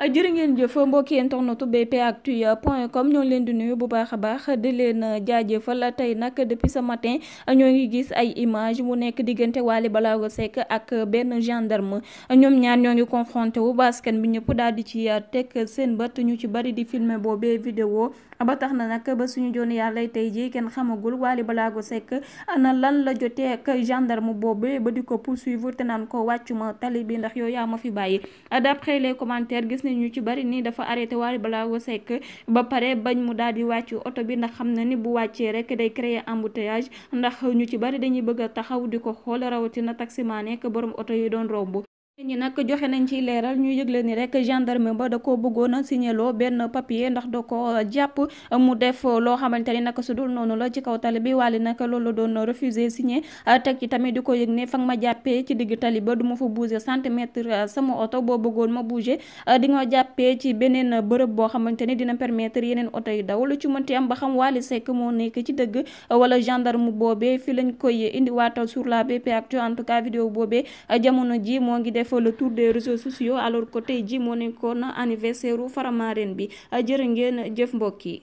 Ah, jërë ngeen jëf mbokki internetu BP Actu point com ñoo leen di nuyu bu baax a baax di leen ah, la tey nag depuis ce matin ah, ñoo ngi gis ay image mu nekk diggante Wally Ballago sekk ak benn gendarme ñoom ñaar ñoo ngi confronté wu baskan bi ñëpp daal di ci teg seen bët ñu ci bari di filmer boobe vidéo ba tax na nag ba suñu joon yàlla tey jii kenn xamagul Wally Ballago Seck na lan la jotee ak gendarme boobe ba di ko poursuivre te naan ko wàccuma tali bi ndax yow yaa ma fi bàyyi nañu ci bari nii dafa arrêté Wally Ballago sekk ba pare bañ mu daal di wàcc oto bi ndax xam na ni bu wàccee rek day créer embouteillage ndax ñu ci bari dañuy bëgg a taxaw di ko xool rawatina taximaan nekk borom oto yi doon romb ñi nag joxe nañ ci leeral ñu yëgle ni rek gendarme ba da koo bëggoon a signaloo benn papier ndax da ko jàpp mu def loo xamante ni naka su dul noonu la ci kaw tali bi wàlli nag loolu doon refusé signé teg ci tamit di ko yëg ne fa nga ma jàppee ci digg tali ba du ma fa bouger centimètre sama oto boo bëggoon ma bouger di nga jàppee ci beneen bërëb boo xamante ni dina permettre yeneen oto yi daw lu ci mënti am ba xam Wally Seck moo nekk ci dëgg wala gendarme boobee fi lañ koy indiwaatal sur la BP Actu en tout cas vidéo boobee jamono ji moo def le tour des réseaux sociaux alors que tey ji moo na anniversaire u Faramareen bi jërë ngeen jëf mbokk yi